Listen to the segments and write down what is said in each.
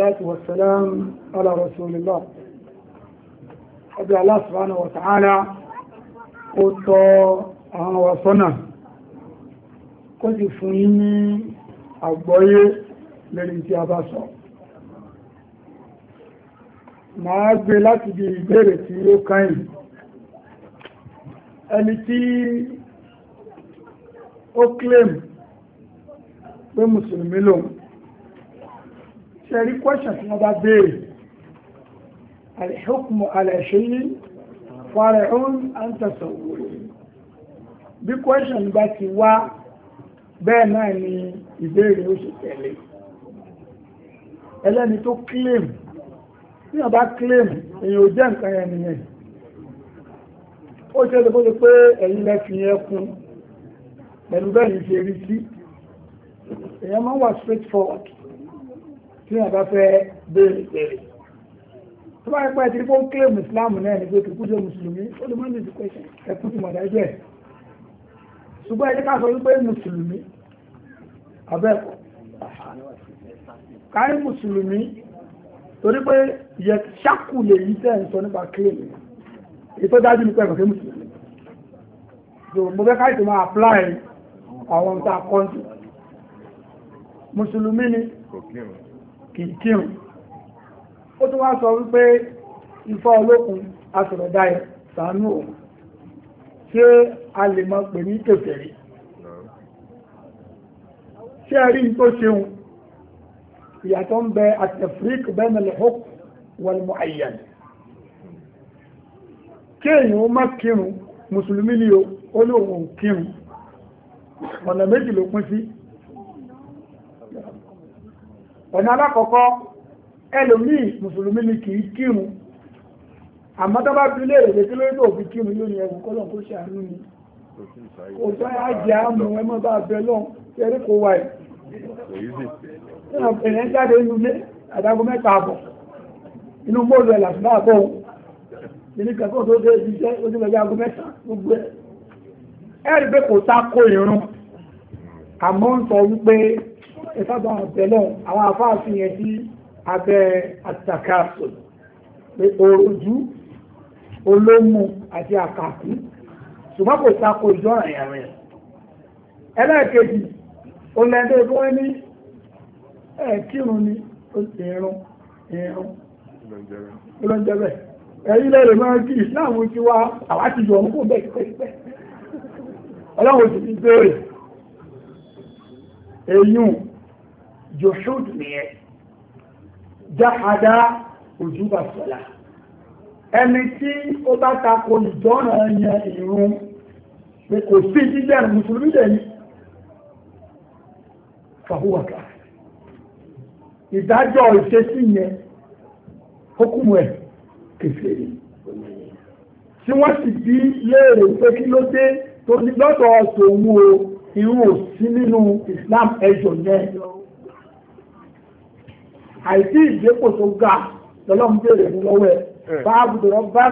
الصلاة والسلام على رسول الله ọdún Allah subhanahu wa ta'ala ó tọ́ àwọn wa sọ́nà kó sì fún yí ní àgbọ́yé lórí tí a bá sọ máa gbé láti bí ìbéèrè tí ó káyìn ẹni tí ó claim pé mùsùlùmí lòun sẹ́rí question tí wọ́n bá béèrè alhukmu alẹ́ṣẹ́yí farahun antasawuri bí question bá ti wá bẹ́ẹ̀ náà ni ìbéèrè ó ṣe tẹ̀lé ẹlẹ́ni tó claim tí wọ́n bá claim èyàn ò jẹ́ nǹkan yẹn nìyẹn ó ṣe lè bóde pé ẹ̀yin lẹ fi yẹn kún pẹ̀lú bẹ́ẹ̀ ni ṣe rí sí èyàn máa ń wà straightforward tí wọ́n bá fẹ́ béèrè béèrè tó bá pẹ́ tí wọ́n kílè mùsùlámù náà ní pé kìkú jẹ́ mùsùlùmí ó lè mọ́ndé ìdíkọ́ ẹ̀kú ti mọ̀dá ẹjọ́ ẹ̀ ṣùgbọ́n ẹjẹ́ ká sọ wípé mùsùlùmí abẹ́ẹ̀kọ́ kárí mùsùlùmí torí pé yẹ ṣákù lè yí tẹ́ ń sọ nípa kílè mi ètò dájú nípa ẹ̀kọ́ fẹ́ mùsùlùmí apply àwọn nǹkan àkọ́ńtì mùsùlùmí ni kìkírùn ó tún wá sọ wípé ifá olókun asọ̀rọ̀dá ẹ̀ sàánú òun ṣé a lè mọ pè ní kèfèrí ṣé ẹ rí n tó ṣeun ìyàtọ̀ ń bẹ àtẹ̀frík bẹ́ẹ̀mẹ̀lẹ̀ hók wọlmọ àyàn kéèyàn ó má kírun mùsùlùmí ni ó lóun kírun ọ̀nà méjì ló pín sí ọ̀nà alákọ̀ọ́kọ́ ẹlòmíì mùsùlùmí ni kì í kírun àmọ́ tó bá fi lè rèé tí lórí tó fi kírun lónìí ẹ̀wù kọ́ lọ́n kó ṣàánú ni kò sọ àjẹ́ àmú ẹ mọ́ bá bẹ lọ́n tẹ́rí kó wà ẹ̀ ẹ̀yẹn jáde inú ilé àdágó ẹ̀rí pé kò sá kó ìrún àmọ́ ń sọ wípé ẹ̀fàbà àbẹ̀lọ́ àwọn afáàfin yẹn sí abẹ́ àtàkàṣọ pé òòjú olómù àti àkàkú ṣùgbọ́n kò tako ìjọ àyàn rẹ̀ ẹlẹ́ẹ̀kejì ó lẹ́dọ̀ tó wọ́n ní ẹ̀kírun ni ìrún ìrún olóńjẹ́bẹ̀ ẹ̀yí lẹ́rẹ̀ máa kí ìsìláàmù ti wá àwátì yọ ọmọ kò bẹ̀ pẹ́pẹ́ ọlọ́run ti fi bèèrè èyún jòṣùd nìyẹn jáhadá ojúbà sọ́lá ẹni tí ó bá tako ìjọ́nà yan ìrun pé kò sí jíjẹ́ mùsùlùmí lẹ́yìn fàhúwàká ìdájọ́ ìṣesí yẹn hókùnmù ẹ̀ kèfèé tí wọ́n sì bí léèrè pé kí ló dé tó ní lọ́dọ̀ ọ̀tọ̀ òun o irú òsí nínú Islam ẹjọ́ yẹn àìsí ìgbépò tó ga lọ́lọ́run béèrè fún lọ́wọ́ ẹ̀ báàbù tó rọ́bà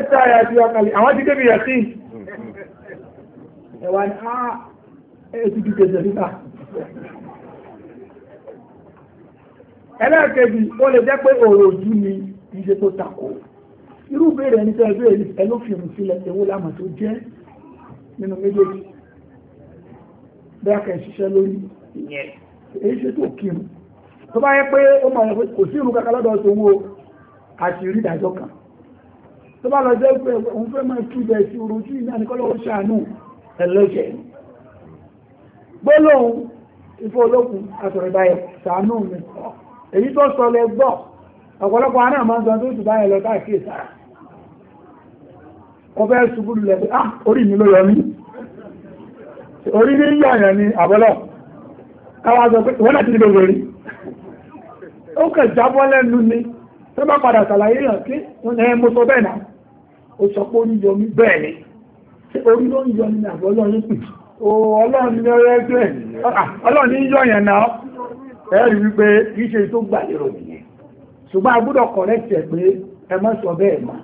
ẹ̀ta ẹ̀ àti ọkàlẹ̀ àwọn ti débi yẹ̀sí ẹ̀wà ni a ah, ètù ti tẹ̀sẹ̀ níta. ẹlẹ́ẹ̀kejì ó lè jẹ́ pé òrò ojú ni ìṣe tó takò irú béèrè ẹni tẹ́ béèrè ẹ ló fi hàn sílẹ̀ ewu lámà tó jẹ́ nínú méjèèjì bí a kẹ́ ṣiṣẹ́ lórí ìyẹn èyí ṣe tó kírun tó bá yẹ pé ó mọ̀ pé kò sí ìrun kankan lọ́dọ̀ tó wó àti rí ìdájọ́ kan tó bá lọ jẹ́ pé òun fẹ́ máa tú jẹ sí oru tí ìyá nìkọ́lọ́ ó ṣàánú ẹlẹ́jẹ̀ gbólóhùn ifo olókun àtọ̀rẹ̀ báyẹ̀ ṣàánú mi èyí tó pé ah orí mi ló yọ mí orí ní yàyàn ni àbọ́lọ̀ káwá sọ wọ́n láti ní gbogbo ó kàn jábọ́ lẹ́nu ni tó bá padà ṣàlàyé hàn kí wọ́n ní mo sọ bẹ́ẹ̀ náà ó sọ pé orí bẹ́ẹ̀ ni ṣé orí ló ń àbọ̀ ọlọ́run pè ó ọlọ́run ní ah, yọ yẹn náà ṣe tó gbà lérò sọ bẹ́ẹ̀ mọ́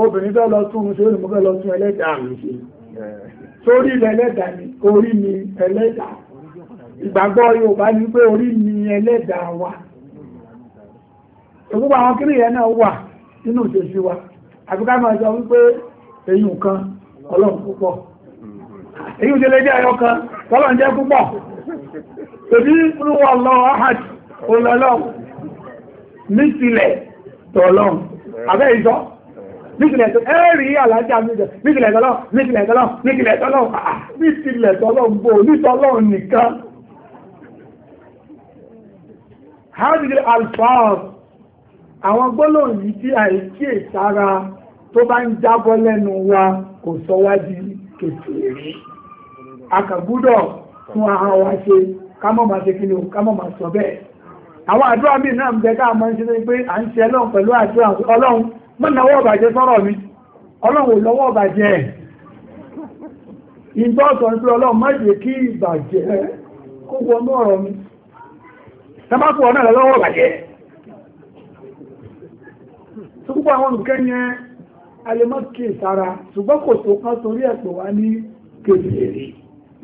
obìnrin fẹ́ lọ tún un ṣe lọ tún ẹlẹ́dàá mi ṣe ilẹ̀ ìgbàgbọ́ Yorùbá ní pé orí ni ẹlẹ́dàá wa òkúpa àwọn kiri yẹn náà wà nínú ìṣesí wa àbíká máa sọ wípé èyí nǹkan ọlọ́run púpọ̀ èyí ò délé jẹ́ ẹyọ kan tọ́lọ́run jẹ́ púpọ̀ tòbí rúwọ́ lọ́wọ́ ahad olọ́lọ́run nísìlẹ̀ tọ́lọ́run abẹ́ ìjọ nísìlẹ̀ tó ẹ́rì alájá nísìlẹ̀ tọ́lọ́run nísìlẹ̀ tọ́lọ́run nísìlẹ̀ tọ́lọ́run hajjiri alfaar àwọn gbọ́lọ̀ yìí tí àìkí ìsára tó bá ń jábọ́ lẹ́nu wa kò sọ wá di kèfèrí akàgbúdọ̀ fún àwọn wa ṣe kámọ́ máa ṣe kí ni o kámọ́ sọ bẹ́ẹ̀ àwọn àdúrà míì náà ń bẹ káà ń ṣe pé à ń ṣe ẹlọ́run pẹ̀lú àdúrà ọlọ́run mọ́ náwó ọ̀bàjẹ́ sọ́rọ̀ mi ọlọ́run ò lọ́wọ́ ọ̀bàjẹ́ ẹ̀ ìgbọ́ ọ̀sán pé ọlọ́run má jẹ́ kí ìbàjẹ́ kó wọnú ọ̀rọ̀ mi tàbákù ọ̀nà lọ́wọ́ bàjẹ́ tó púpọ̀ àwọn olùkẹ́ yẹn alẹ́mọ́kì sára ṣùgbọ́n kò tó kán torí ẹ̀pọ̀ wá ní kèrèrè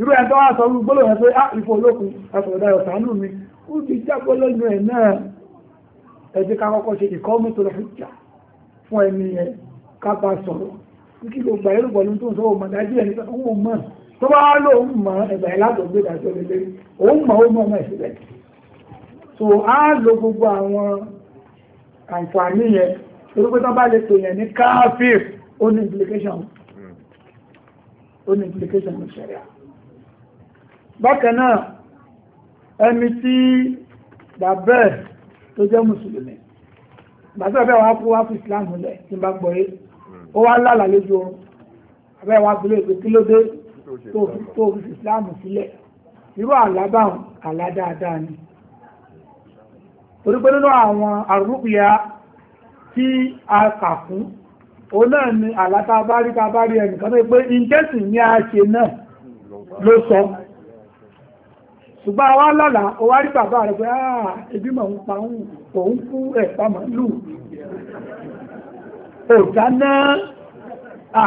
irú ẹ̀ tó wá sọ gbọ́lọ̀ yẹn pé á ah, ìfò olókun afọ̀dáyọ̀ sàánù mi ó ti jábọ́ lẹ́nu ẹ̀ náà ẹ jẹ́ ká kọ́kọ́ ṣe ìkọ́ mẹ́tò lọ fìjà fún ẹni yẹn ká bá sọ̀rọ̀ kí ló gbà ẹrù pẹ̀lú tó ń sọ ọmọ dájú ẹni tó ń mọ̀ tó bá lóun mọ̀ ẹgbẹ̀rẹ̀ látọ̀ gbé dájọ́ lélẹ́rí òun mọ̀ ó mọ̀ ọmọ ìṣẹ̀lẹ̀ so a lo gbogbo àwọn àǹfààní yẹn torípé tán bá lè pè yẹn ní káfíìr ó ní implication ó ní implication ní ṣẹ̀ríà bákan náà ẹni tí bàbá ẹ̀ tó jẹ́ mùsùlùmí bàbá ẹ̀ wá kú wá fún Islam lẹ̀ tí n bá gbọ́ yé ó wá lálàá lójú oorun bàbá ẹ̀ wá gbélé ìpè kí ló dé tó fi Islam sílẹ̀ irú àlá báwọn àlá dáadáa ni torí pé nínú àwọn àrùkúyà tí a kà fún o náà ni àlátábárí tábárí ẹnìkan pé ìjẹ́sì ní a ṣe náà ló sọ ṣùgbọ́n àwa lọ́la o wá rí bàbá rẹ̀ pé àà ah, ebi mọ̀ ń pa òun kú ẹ̀pá màálù òjá náà à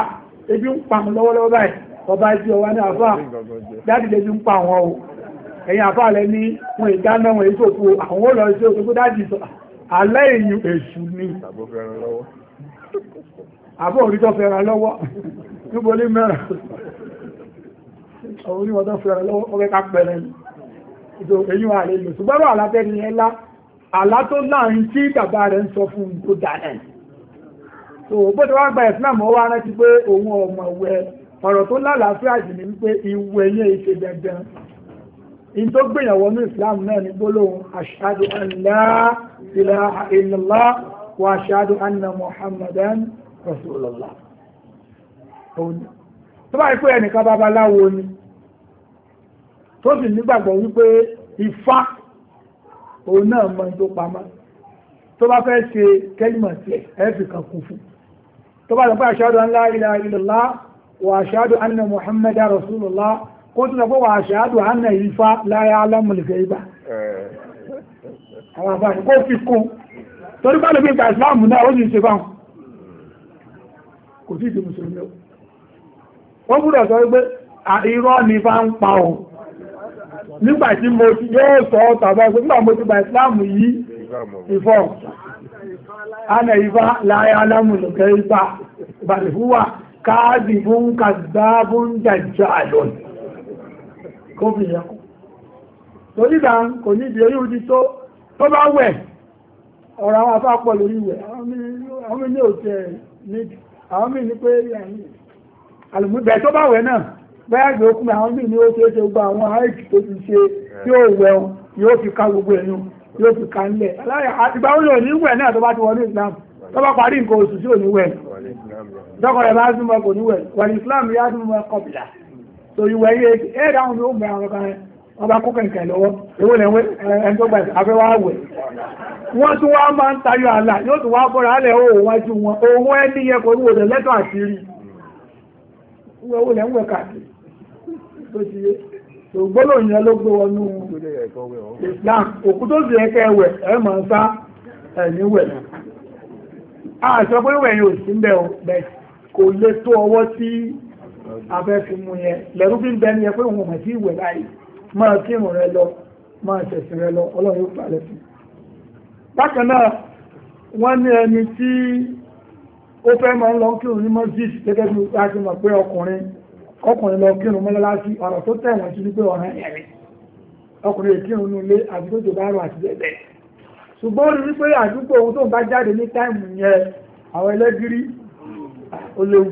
ebi ń pa lọ́wọ́lọ́wọ́ báyìí ọba ẹbí ọwá ní àfáà jáde lè fi ń pa àwọn o ẹ̀yìn àfáàlẹ́ ní wọn ìdáná wọn èso fún àwọn olọ́ sí oṣù tó dájì sọ alẹ́ ìyún èṣù ni àbọ̀ òrítọ́ fẹ́ràn lọ́wọ́ níbo ní mẹ́ràn orí wọn tó fẹ́ràn lọ́wọ́ ọgbẹ́ ká pẹ̀rẹ̀ ìtò èyí wà lè lò ṣùgbọ́rọ̀ alátẹ́ni ẹlá àlá tó láàrin tí bàbá rẹ̀ ń sọ fún tó dáadáa so bó ti wá gba Islam ọwọ́ ara ti pé òun ọmọ ìwẹ̀ ọ̀rọ̀ tó lálàáfíà jù ní wípé ìwẹ̀ yẹn ìṣe dandan in tó gbìyànwó ní islam náà ní gbólóhùn ashhadu an la ilaha illallah wa ashhadu anna muhammadan rasulullah tó bá ipò ẹnìkan babaláwo ni tó sì nígbàgbọ́ wípé ifá òun náà mọ tó pamọ́ tó bá fẹ́ ṣe kẹ́lìmọ̀ sí ẹ̀fì kan kún fún tó bá lọ pé ashhadu an la ilaha wa ashhadu anna muhammadan rasulullah kó tí lọ́pọ̀ wà ṣáàdù àánà ìfá láyá alámùlùkẹ́ ibá àwọn àbáyé kó fi kún torí bá lóbi ìgbà ìsìláàmù náà ó sì ṣe báhùn kò sí ìdí mùsùlùmí ó ó gbúdọ̀ sọ wípé irọ́ ni bá ń pa ọ̀ nígbà tí mo ti yóò sọ tàbí ẹgbẹ́ nígbà mo ti gba ìsìláàmù yìí ìfọ́ àánà ìfá láyá alámùlùkẹ́ ibá ìbàlẹ̀ fún wa káàdì fún kàdáàbùn jàjà lónìí kó fi ẹ̀kọ́ tó nígbà kò níbi oyún ti tó tó bá wẹ̀ ọ̀rọ̀ àwọn afá pọ̀ lórí wẹ̀ àwọn mi ní òtẹ́ níbi àwọn mi ní pé àlùmúgbẹ̀ tó bá wẹ̀ náà bẹ́ẹ̀ gbé okùn àwọn mi ní ó ṣeé ṣe gbogbo àwọn àìkì tó ti ṣe tí ó wẹ̀ yóò fi ká gbogbo ẹ̀yún yóò fi ká ńlẹ̀ aláyà àtìgbà ó lò ní wẹ̀ náà tó bá ti wọnú ìsìlámù tó bá parí nǹkan oṣù sí òníwẹ̀ tọkọ rẹ̀ bá súnmọ́ kò níwẹ̀ wọ̀n ìsìlámù yá súnmọ́ kọ̀bìlà so ìwẹ̀ yé ẹ̀ dáhùn ló mọ àwọn kan ọba kó kẹ̀kẹ́ lọ́wọ́ owó lẹ́wọ́ ẹni tó gba afẹ́ wá wẹ̀ wọ́n tún wá máa ń tayọ àlà yóò tún wá wájú wọn owó ẹni yẹ kò rúwò rẹ̀ lẹ́tọ̀ àṣírí owó lẹ́wọ́ káàkiri tó ti yé ògbólò yẹn ló gbé Islam ẹkẹ ẹ máa ń sá àṣọ pé sí abẹ́ fi mú yẹn lẹ́rú bí bẹ́ẹ̀ ni ẹ pé òun àti ìwẹ̀ báyìí máa kírun rẹ lọ máa ṣẹ̀sìn rẹ lọ ọlọ́run yóò gbà lẹ́sìn. bákan náà wọ́n ní ẹni tí ó fẹ́ máa ń lọ kírun ní mọ́síd gẹ́gẹ́ bí a ti mọ̀ pé ọkùnrin ọkùnrin lọ kírun mọ́lẹ́láṣí ọ̀rọ̀ tó tẹ̀wọ̀n sí wípé ọ̀ràn ẹ̀rìn ọkùnrin ìkírun ní ilé àti tó jòbá rọ àti bẹ́ẹ̀ bẹ́ẹ̀ ṣùgbọ́n rí wípé àdúgbò ohun tó ń bá jáde ní táìmù yẹn àwọn ẹlẹ́gìrì ó léwu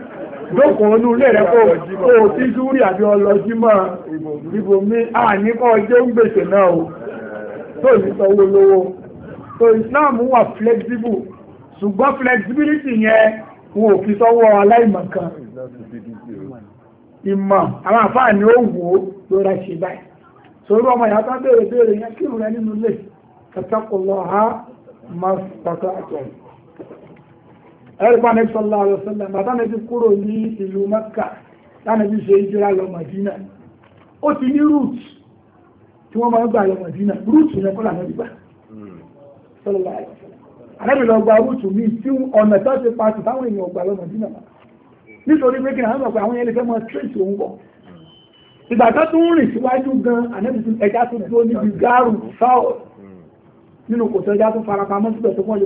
dókùn onú ilé rẹ̀ kó o tí súwúrì àbí ọlọ́jímọ̀ ìbò mi a kọ́ ọjọ́ ń gbèsè náà o tó ní sanwó so Islam wà flexible ṣùgbọ́n flexibility yẹn wọn ò fi ìmọ̀ àwọn àfáà ni ó wò ó lóra ṣe báyìí ọmọ ìyá béèrè béèrè yẹn rẹ nínú ha máa ẹ̀rùpá nẹ́bí sọ́lá ọ̀sọ́lá bàbá nẹ́bí kúrò ní ìlú mẹ́kà tánàbí ṣe ìjírá lọ màdínà ó ti ní root tí wọ́n máa ń gbà lọ màdínà root yẹn kọ́ làwọn ìgbà sọ́lá àrẹ́bí lọ gba root mi tí ọ̀nà tó ti pa sí táwọn èèyàn gbà lọ màdínà nítorí pé kí àwọn àwọn yẹn lè fẹ́ mọ trace òun bọ̀ ìgbà tó tún rìn síwájú gan àrẹ́bí ẹja tó dúró níbi gáàrù hmm. sáọ̀ nínú kòtò ẹja tó farapamọ́ síbẹ̀ tó pọ̀ lé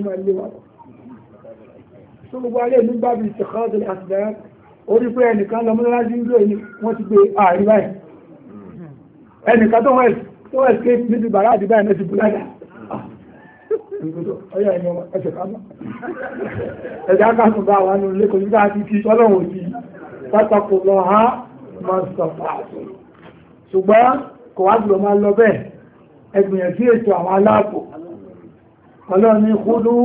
tó gbogbo alẹ́ ìlú bá bí ìṣẹ̀kọ́dọ̀ àtìdára orí pé ẹnìkan lọ mọ́lá sí ìlú ẹni wọ́n ti gbé ààrí báyìí ẹnìkan tó wẹ̀ tó wẹ̀ ké níbi bàrá àti báyìí mẹ́sì búládà ah, ọyọ ẹni ẹsẹ̀ kámọ́ ẹ̀dá kásùn bá wà nù lẹ́kọ̀ọ́ nígbà tí kí ọlọ́run ti pátákó lọ ha máa sọ̀fà ṣùgbọ́n kò wá jùlọ máa lọ bẹ́ẹ̀ ẹgbìyànjú ètò àwọn aláàbò ọlọ́run ní kúlú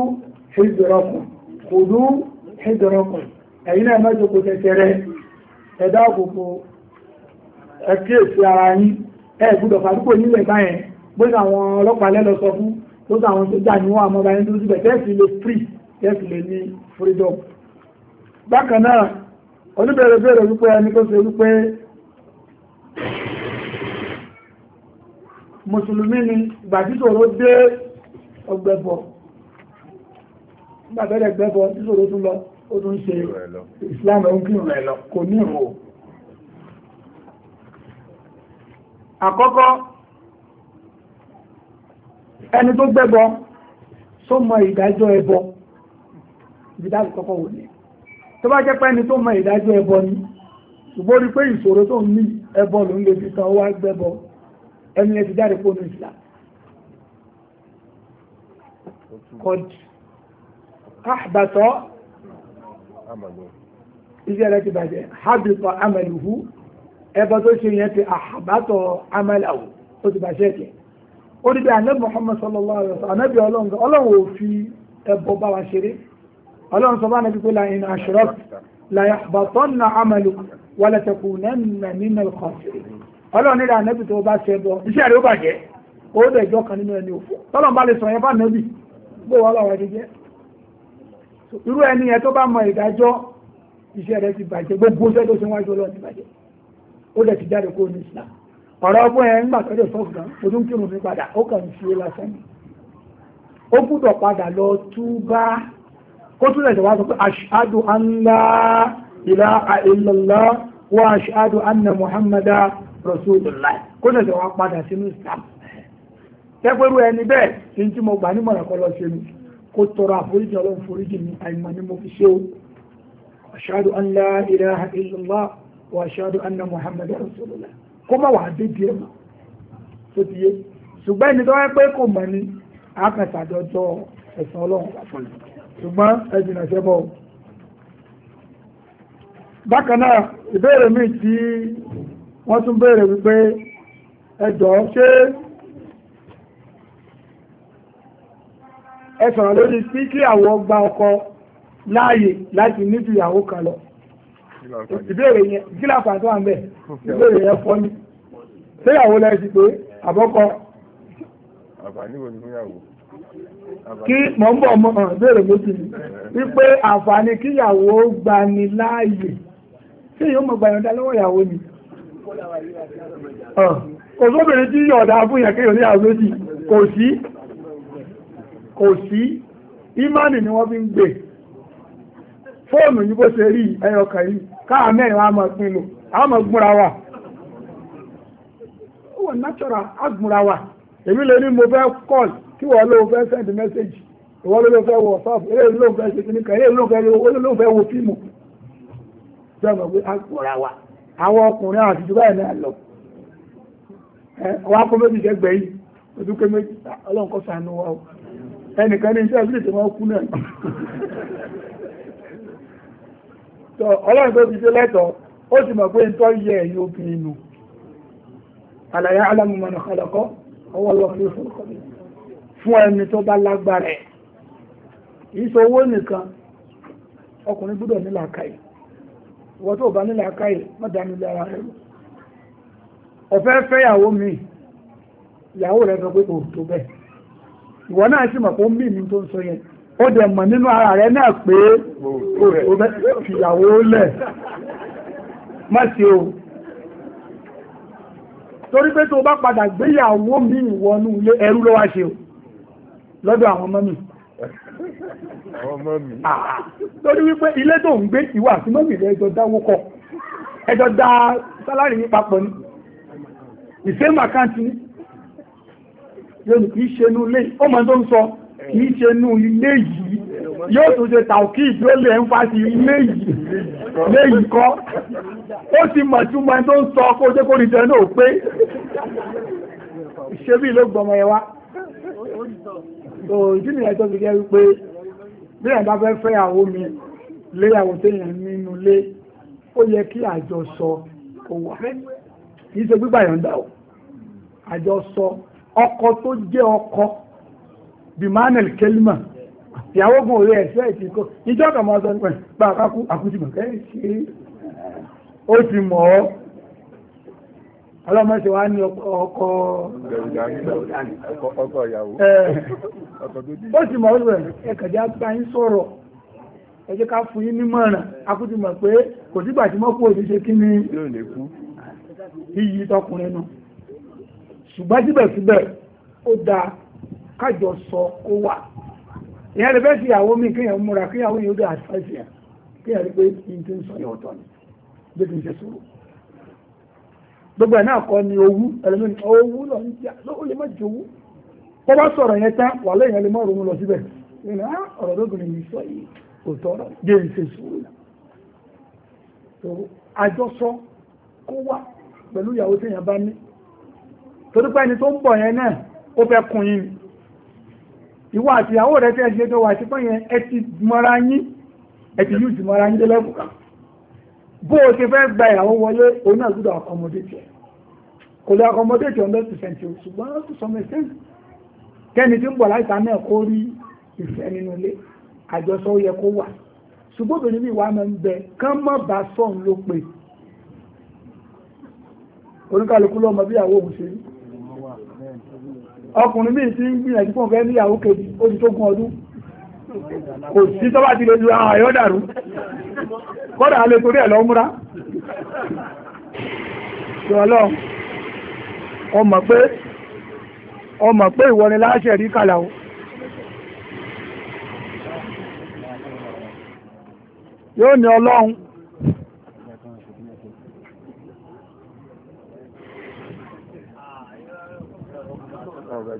ṣe ìgbèrọkùn kò dú ẹ̀dọ̀rọ̀kùn ẹ̀yìn náà mẹ́jọ kò tẹ̀tẹ̀rẹ̀ ẹ̀dá òkòkò ẹ̀kíyèsí ara yín ẹ̀ gbúdọ̀ fàdúkò nílẹ̀ báyẹn bóyá àwọn ọlọ́pàá lẹ́lọ sọ fún tó sọ àwọn ọgbẹ̀bọ̀ nígbà tẹ́lẹ̀ gbẹ́bọ níṣòro tún lọ ó tún ṣe islam ẹ̀hún kí rẹ̀ lọ kò ní ìrò àkọ́kọ́ ẹni tó gbẹ́bọ tó mọ ìdájọ́ ẹbọ ìdájọ́ kọ́kọ́ wò ní tó bá jẹ́ pé ẹni tó mọ ìdájọ́ ẹbọ ni ṣùgbọ́n rí pé ìṣòro tó ní ẹbọ ló ń lè fi tan wá gbẹ́bọ ẹni lè ti jáde fóònù ìsìlá kọ́dì ahbàtọ́ iṣẹ́ rẹ̀ ti bàjẹ́ habitọ́ amaluhu ẹbọ tó ṣe yẹn ti ahbàtọ́ amalahu ó ti bàjẹ́ kẹ́ ó dìde ànábì Muhammad sallallahu alaihi wa sallam ànábì ọlọ́run ọlọ́run ò fi ẹbọ bá wa ṣeré ọlọ́run sọ bá nàbí pé la in ashrak la yahbatanna amaluk wa la takunanna minal khasirin ọlọ́run nílẹ̀ ànábì tó bá ṣe bọ iṣẹ́ rẹ̀ ó bàjẹ́ ó dẹ̀ irú ẹni yẹn tó bá mọ ìdájọ́ iṣẹ́ rẹ̀ ti bàjẹ́ gbogbo iṣẹ́ tó ṣe wájú ọlọ́run ti bàjẹ́ ó dẹ̀ ti jáde kó ní Islam ọ̀rọ̀ ọgbọ́n ẹ̀ ńgbà tó dẹ̀ sọ́ọ̀kù gan ojú ń kírun mi padà ó kàn ń fi é e lásán ni ó gbúdọ̀ padà lọ túbá kó tún lẹ̀ wá pé ashhadu an la ilaha illallah wa anna muhammada rasulullah kó tẹ̀sẹ̀ wá padà sínú Islam tẹ́pẹ́rú ẹni bẹ́ẹ̀ ní tí mo gbà nímọ̀ràn kọ́ lọ sí mi kó tọrọ àforíjì ọlọ́run foríjì mi àìmọ̀ ni mo fi ṣe o an la ilaha wa ashadu anna muhammadu rasulullah kó má wàá dé díẹ̀ mọ́ tó ti yé ṣùgbọ́n ẹni tó ìbéèrè míì tí wọ́n tún béèrè wípé ẹ̀dọ̀ ẹ sọ̀rọ̀ lórí sí kí àwọn gba ọkọ láàyè láti níbi ìyàwó kan lọ ìbéèrè yẹn kí láǹfà tó wà ń bẹ̀ ìbéèrè yẹn fọ́ ni séyàwó lẹ́yìn ti pé àbọ́kọ. àǹfààní wo ni fún yàwó. kí mọ̀ ń bọ̀ mọ̀ hàn béèrè méjì ni wípé àǹfààní kíyàwó gbani láàyè ṣé èyí ó mọ̀ gbayọ̀dá lọ́wọ́ ìyàwó ni. kò sóbìnrin tí yọ̀ọ̀dà fún yàn kéèyàn ní àwọn méjì kò sí kò sí ìmánì ni wọ́n fi ń gbé fóònù yìí bó ṣe rí ẹyọkàn a a gbúra wa ó wà natural a gbúra wa èmi lè ní mo fẹ́ call kí wọ́n ló fẹ́ send message ìwọ́n ló fẹ́ wọ WhatsApp eléyìí fẹ́ ṣe kíníkà fẹ́ fẹ́ wo fíìmù pé a gbúra wa àwọn ọkùnrin àti ìjọba ẹ̀ náà lọ ẹ kó o. ẹnìkan ní iṣẹ́ ìbílẹ̀ tó máa kú náà tọ́ ọlọ́run tó ti ṣe lẹ́tọ̀ ó sì mọ̀ pé tó yẹ ẹ̀yìn obìnrin nù àlàyé alámùmọ̀nà kọlọ̀kọ́ ọwọ́ lọ sí fún ẹni tó bá lágbára ẹ̀ ìṣọ́ owó nìkan ọkùnrin gbọ́dọ̀ ní làákàyè ìwọ tó bá ní làákàyè má dánú ara rẹ̀ ọ̀fẹ́ fẹ́yàwó mi ìyàwó rẹ̀ sọ pé kò tó bẹ́ẹ̀ ìwọ náà sì mọ̀ pé ó mí mi tó ń sọ yẹn ó dẹ̀ mọ̀ nínú ara rẹ̀ náà pé ó bẹ́ fìyàwó lẹ̀ má ṣe o torí pé tó bá padà gbéyàwó mi ìwọnú ilé ẹrú ló wá ṣe o lọ́dọ̀ àwọn ọmọ mi torí wípé ilé tó ń gbé ìwà àti mọ́mì rẹ̀ ẹjọ́ dáwó kọ ẹjọ́ dá sálárì ní papọ̀ ní ìsẹ́mù àkáǹtì ní yóò kìí ṣe inú ilé ó mọ̀ tó ń sọ kìí ṣe inú ilé yìí yóò tó ṣe tàùkì yóò lè ń fásí ilé yìí lé yìí kọ́ ó ti mọ̀ tí mọ̀ tó ń sọ kó jẹ́ kó nìjẹ́ náà pé ṣe bí ló gbọmọ ẹ wá ìdí nìyẹn tó fi jẹ́ wípé bí ẹ̀ fẹ́ fẹ́ àwọn mi léyàwó téèyàn nínú ilé ó yẹ kí àjọsọ kó wà kì ṣe gbígbà yọ̀ǹda o àjọsọ ọkọ tó jẹ́ ọkọ bimanel kelma ìyàwó gun orí ẹ̀ṣẹ́ ìtìkọ́ ìjọ́ kàmọ́ ọ̀sán pẹ̀ bá akákú àkútìmọ̀ kẹ́ ṣe ó ti mọ̀ ọ́ ọlọ́mọ wá ní ọkọ ọkọ ó ti mọ̀ ó rẹ̀ agbá sọ̀rọ̀ ká fún nímọ̀ràn akútìmọ̀ pé kò sígbà tí mọ́kú òṣìṣẹ́ kí iyì tọkùnrin náà ṣùgbọ́n síbẹ̀síbẹ̀ ó dáa kájọ sọ si wà ìyẹn lè fẹ́ sí ìyàwó mi kéèyàn múra kéèyàn yóò dé àṣàṣì yẹn rí pé kí n ń sọ ọ̀tọ̀ ni bí kì í ṣe sọ̀rọ̀ gbogbo ẹ̀ náà kọ́ ni owú ẹlẹ́mìn owú lọ ń jà ó lọ ah, pẹ̀lú torípé ẹni tó ń bọ̀ yẹn náà ó fẹ́ kun yín ìwọ àti ìyàwó rẹ tẹ́ ṣe tó wà sí pé yẹn ẹ ti mọra yín ẹ ti yúùtì mọra yín lẹ́lẹ́kùn kan bó o ti fẹ́ gba ìyàwó wọlé òun náà gbọ́dọ̀ accommodate ẹ̀ kò lè accommodate hundred percent o ṣùgbọ́n to some extent kẹ́ni tí ń bọ̀ láìka náà kó rí ìfẹ́ nínú ilé àjọsọ yẹ kó wà ṣùgbọ́n obìnrin mi wà máa ń bẹ kán mọ́ bá sọ̀n ló pè oníkàlùkù lọ́mọ bí ìyàwó òun ṣe rí ọkùnrin míì ti ń gbìyànjú fún ọ̀fẹ́ níyàwó kejì ó ti tó gún ọdún kò sí tó bá ti lè ju àwọn àyọ́ dàrú kọ́dà a lè torí ẹ̀ lọ múra ọmọ pé ọmọ pé ìwọ ni láṣẹ rí kàlà yóò ní ọlọ́run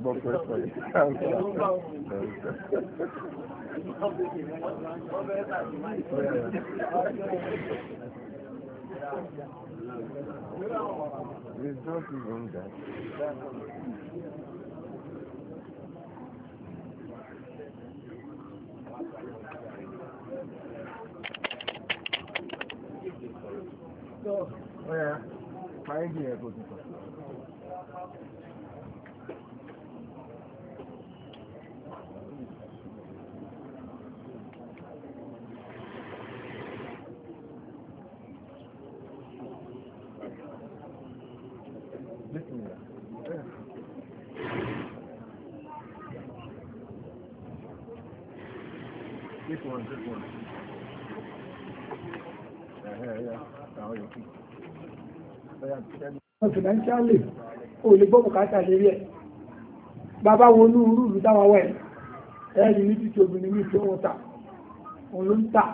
gbọ́ pẹ́pẹ́ It's not even yeah, finding a good financially o lè gbọ́ bùkátà lérí ẹ̀ bàbá wo ní irú ìlú táwọn wẹ̀ ẹ̀rì ní títí obìnrin ní ìṣòro ta òun ló ń tà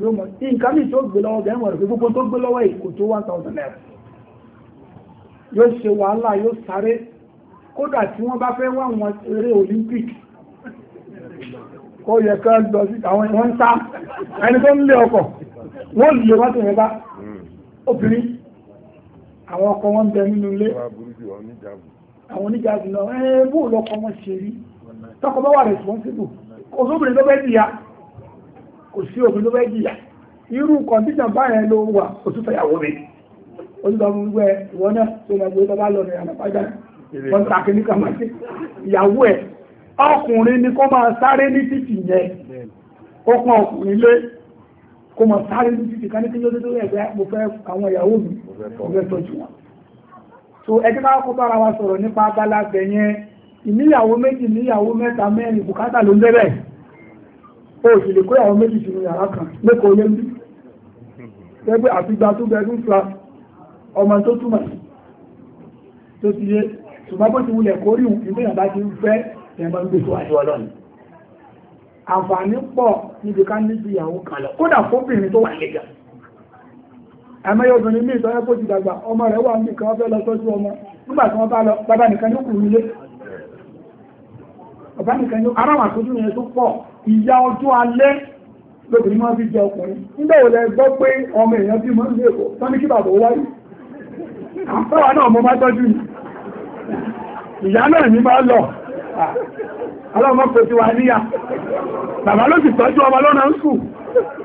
yóò mọ̀ tí nǹkan mìí tó gbé lọ́wọ́ bẹ̀rẹ̀ wọ̀rọ̀ gbogbo tó gbé lọ́wọ́ èkó tó one thousand naira yóò ṣe wàhálà yóò sáré kódà tí wọ́n bá fẹ́ wá wọn eré Olympic ó yẹ ká lọ sí àwọn ìwọ̀n ń sá ẹni tó ń lé ọkọ̀ wọ́n lè wá tẹ̀yẹ bá obìnrin àwọn ọkọ wọn ń bẹ nínú ilé àwọn oníjàgùn náà ẹ bó lọkọ wọn ṣe rí tọkọ bá wà responsible kò sóbìnrin tó fẹ́ jìyà kò sí obìnrin tó fẹ́ jìyà irú kọ̀ǹtíṣàn báyẹn ló wà òtún fẹ́yàwó mi òtún sọ fún wẹ́ ìwọ náà tó lọ gbé tó bá lọ rẹ̀ àlàpàdà wọn ta kìnnìkan máa ṣe ìyàwó ẹ̀ ọkùnrin ni kó máa sáré ní títì yẹn ó pọn ọkùnrin lé kó máa sáré ní títì ká ní kí lóde tó ẹgbẹ́ mo fẹ́ àwọn ìyàwó mi mo tọ́jú wọn so ẹgbẹ́ ká kó bára wa sọ̀rọ̀ nípa abala bẹ̀ yẹn ìníyàwó méjì níyàwó mẹ́ta mẹ́rin bùkátà ló ń bẹ̀rẹ̀ ó sì lè kó ìyàwó méjì sínú yàrá kan lẹ́kọ̀ọ́ lé ní pẹ́pẹ́ àfigba tó bẹ̀rù fla ọmọ tó túmọ̀ tó ti yé ṣùgbọ́n bó ti wulẹ̀ kórìí ìgbéyàwó bá ti ń fẹ́ ẹgbẹ́ gbé síwájú ọlọ́run àǹfààní pọ̀ níbi ká níbi ìyàwó kan lọ kódà fóbìnrin tó wà lẹ́gà ẹmẹ́yẹ obìnrin ní ìtọ́jẹ́ kó ti dàgbà ọmọ rẹ̀ wà ní ìkan fẹ́ lọ tọ́jú ọmọ nígbà tí wọ́n bá lọ bàbá nìkan yóò kùrù nílé bàbá nìkan yóò ara wàá tójú yẹn tó pọ̀ ìyá ọjọ́ alẹ́ lóbìnrin máa fi jẹ ọkùnrin nígbà wo lẹ gbọ́ pé ọmọ èèyàn bí mọ́ ní èkó tán ní kí bàbá ó wáyé àǹfààní náà mo máa tọ́jú ìyá náà ní máa lọ ọlọ́mọ kò ti wà níyà bàbá ló ti tọ́jú ọmọ lọ́nà ń sùn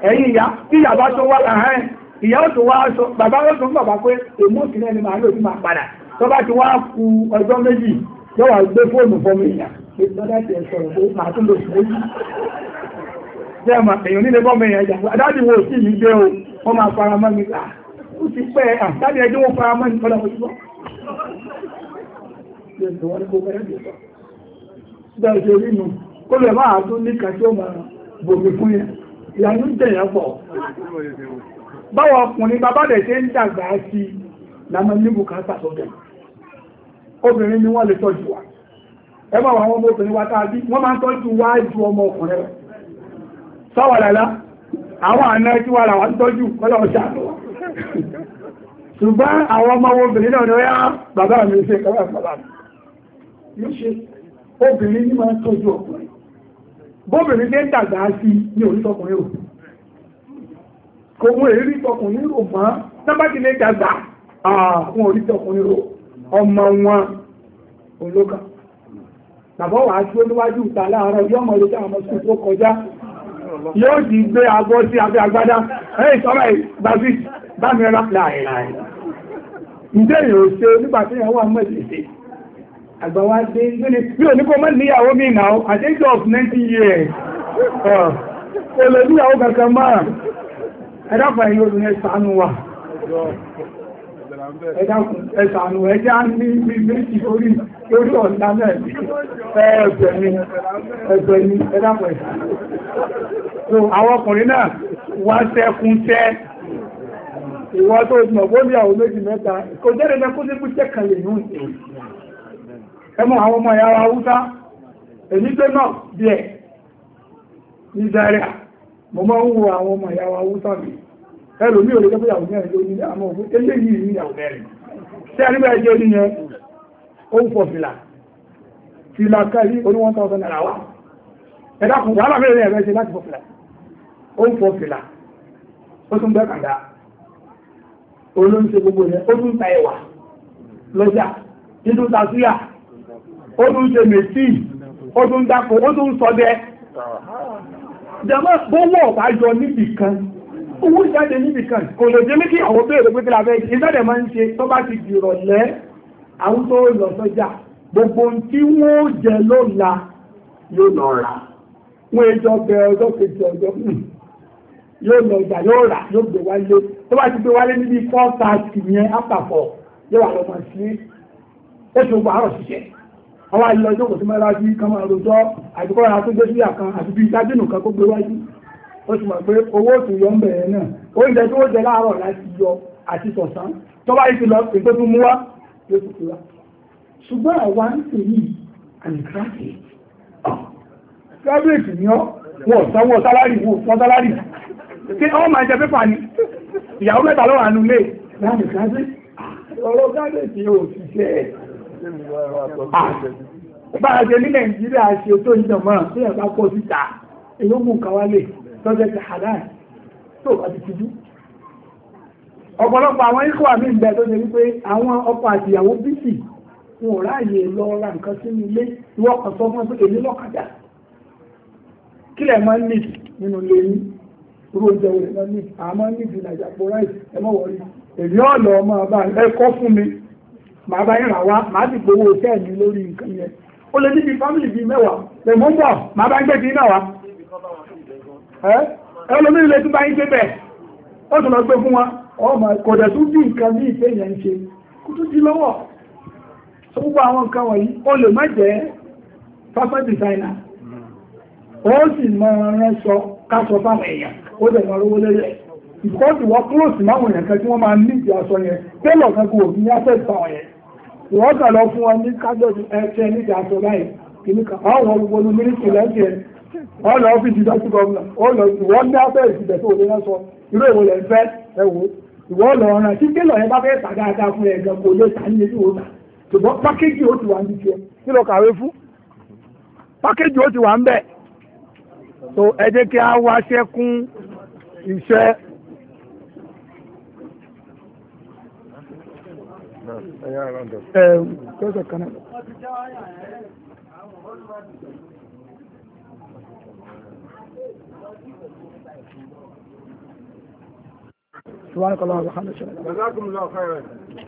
ẹ̀yìn ìyá kí ìyá bá tó wá láàárín ìyá ó tó wá aṣọ bàbá ó tó ń bàbá pé èmú òkìlẹ̀ ni màá lòdì máa padà tó bá ti wá ku ọjọ́ méjì yóò wá gbé fóònù fọmọ èèyàn pé lọ́dá ti ẹ̀ sọ̀rọ̀ pé màá tún lòdì sí mi o wọ́n máa fara mọ́ mi láà ó ti pẹ́ àtàdé ẹjọ́ wọn fara mọ́ mi kọ́lá bẹ́ẹ̀ ṣe rínu kó lè máa tún ní kàṣí ọmọ bòmí fún yẹn ìyànú jẹ̀yàn pọ̀ báwọn ọkùnrin bàbá rẹ̀ ṣe ń dàgbà sí lámọ́ ní bùkátà sọ́dẹ̀ obìnrin ni wọ́n lè tọ́jú wa ẹ máa wà wọn ọmọ obìnrin wa tàbí wọ́n máa ń tọ́jú wá ju ọmọ ọkùnrin rẹ̀ sọ́wọ́lẹ́lá àwọn àna tí wà làwọn ń tọ́jú kọ́lọ̀ ọjà lọ́wọ́ ṣùgbọ́n àwọn ọmọ obìnrin náà ni ó yá bàbá mi ṣe kọ́lọ̀ bàbá mi obìnrin ní máa ń tọ́jú ọkùnrin bóbìnrin dé ń dàgbà sí ní orí tọkùnrin rò kò mú èrí tọkùnrin rò mọ́ tábàtì lè dàgbà àwọn orí tọkùnrin rò ọmọ wọn olóka bàbá wàá tí ó níwájú ìta láàárọ̀ yóò mọ̀ lójú àwọn ọmọ tó kọjá yóò di gbé agbọ́ sí abẹ́ agbádá ẹ̀yìn sọ́rọ̀ ìgbàgbí bá mi rà láàrin ǹjẹ́ ìròṣe nígbà tí ìyàwó àmọ́ ìṣẹ̀ṣẹ̀ àgbàwá dé lónìí bí o ní kó mọ́ níyàwó mi náà at of 90 years kò lè níyàwó kankan máa ẹ̀dàfà yìí olùn ẹ̀sànú wa ẹ̀sànú ẹjá ní méjì orí orí ọ̀nà náà ẹ̀ẹ̀bẹ̀ni ẹ̀bẹ̀ni ẹ̀dàfà ẹ̀sànú so àwọn ọkùnrin náà wá sẹ́kún tẹ́ ìwọ́n tó ìgbọ̀gbọ́ ní àwọn méjì mẹ́ta ẹmọ àwọn ọmọ ìyára haúsá èyí tó náà bí ẹ̀ ní zaria mo máa ń wo àwọn ọmọ ìyára haúsá mi ẹlò mí ò lè jẹ́pẹ́ ìyàwó mẹ́rin lórí àmọ́ òfin ẹlẹ́ yìí ní ìyàwó mẹ́rin a nígbà ẹjẹ́ ní yẹn ó ń fọ fìlà fìlà kẹ́lí orí 1000 naira wà ẹ̀dá kùn wàhálà mẹ́rin ẹ̀rẹ́ ṣe láti fọ fìlà ó ń fọ fìlà ó tún bẹ́ kàndá olóńṣe gbogbo yẹn ó tún ta ẹ̀wà lọ́jà títún ta síyà ó tún ṣe mèsì ó tún dákò ó tún sọdẹ jama gbówó ọ̀pá yọ níbì kan owó jáde níbì kan kò lè jẹ́ méjì àwọn béèrè pé kílà fẹ́ ìsẹ́dẹ̀ máa ń ṣe tó bá ti dìrọ̀ lẹ́ àwọn tó lọ sọ́jà gbogbo tí wọ́n jẹ lọ́la yóò lọ rà wọ́n ẹjọ́ bẹ ọjọ́ kejì ọjọ́ hmm, yóò lọ ìgbà yóò rà yóò gbé wálé tó bá ti gbé wálé níbi four thirty yẹn after four yóò wà lọ́mọ sí ètò ìgbà àárọ̀ ṣiṣẹ́ àwọn àyílọ ìjókòó sí mẹ́ra sí kan máa rojọ́ àdúgbọ́ra tó gbé síyà kan àti bí ìdájínù kan kó gbé wájú ó sì mọ̀ pé owó òtún yọ ń bẹ̀rẹ̀ náà oúnjẹ tó jẹ láàárọ̀ láti yọ àti sọ̀sán tó bá yìí ti lọ pé tó tún mú wá ló sì kúra ṣùgbọ́n àwa ń pè ní àmìkíráàtì graduate ni ọ wọ́n sanwó sálárì wọ́n fọ́ sálárì kí wọ́n máa jẹ pépà ni ìyàwó mẹ́ta lọ́wọ́ àánú ti jẹ́ ẹ̀ Báyàjẹ́ ní Nàìjíríà ṣe tó ìjọmọ́ tí ẹ̀ bá pọ̀ síta, ìlúgbùn kawálè tọ́jẹ́ ti halal tó bá ti tijú. Ọ̀pọ̀lọpọ̀ àwọn ikọ̀ àmì ìgbẹ́ tó ṣe wípé àwọn ọkọ àti ìyàwó bísì wọn ò ráàyè lọ ra nǹkan sínú ilé ìwọ́kọ̀ sọ fún pé èmi lọ́kadà. Kí lẹ̀ máa ń nì nínú ilé yín? Irú oúnjẹ wo lè máa ń nì? Àmọ́ nì bí Nàìjà Pọ̀ ráìsì ẹ mọ̀ wọ̀rí. Èmi ọ̀lọ́ ọmọ bá ẹ̀kọ́ fún mi ma bá yẹn rà wá ma sì gbowó iṣẹ́ mi lórí nǹkan yẹn ó lè níbi fámìlì bíi mẹ́wàá lè mú bọ̀ màá bá ń gbé bíi mẹ́wàá ẹ ẹ lómi ilé bá ń gbé bẹ̀ ó tún lọ gbé fún wọn ọmọ kọ̀dẹ̀ tún bí nǹkan yẹn ń ṣe kó tún di lọ́wọ́ gbogbo àwọn nǹkan wọ̀nyí ó lè má jẹ́ ó wọ́n kà lọ fún wọn ní kájọ́sì ẹ̀ṣẹ́ níta aṣọ báyìí gbogbo mínísítì ọ́fíìsì gọ́ọ̀nà ìwọ́n ní ìsìbẹ̀ tó irú èwo fẹ́ ìwọ́n lọ ọ̀ràn tí kílọ̀ yẹn fún ẹ̀ gan kò lè tà ní ṣùgbọ́n pákéjì ó ti wà níbi tiẹ̀ kí lọ kàwé fún pákéjì ó ti wà ń bẹ̀ ẹ̀rù tọ́jọ́ kan náà. سبحانك اللهم وبحمدك جزاكم الله خيرا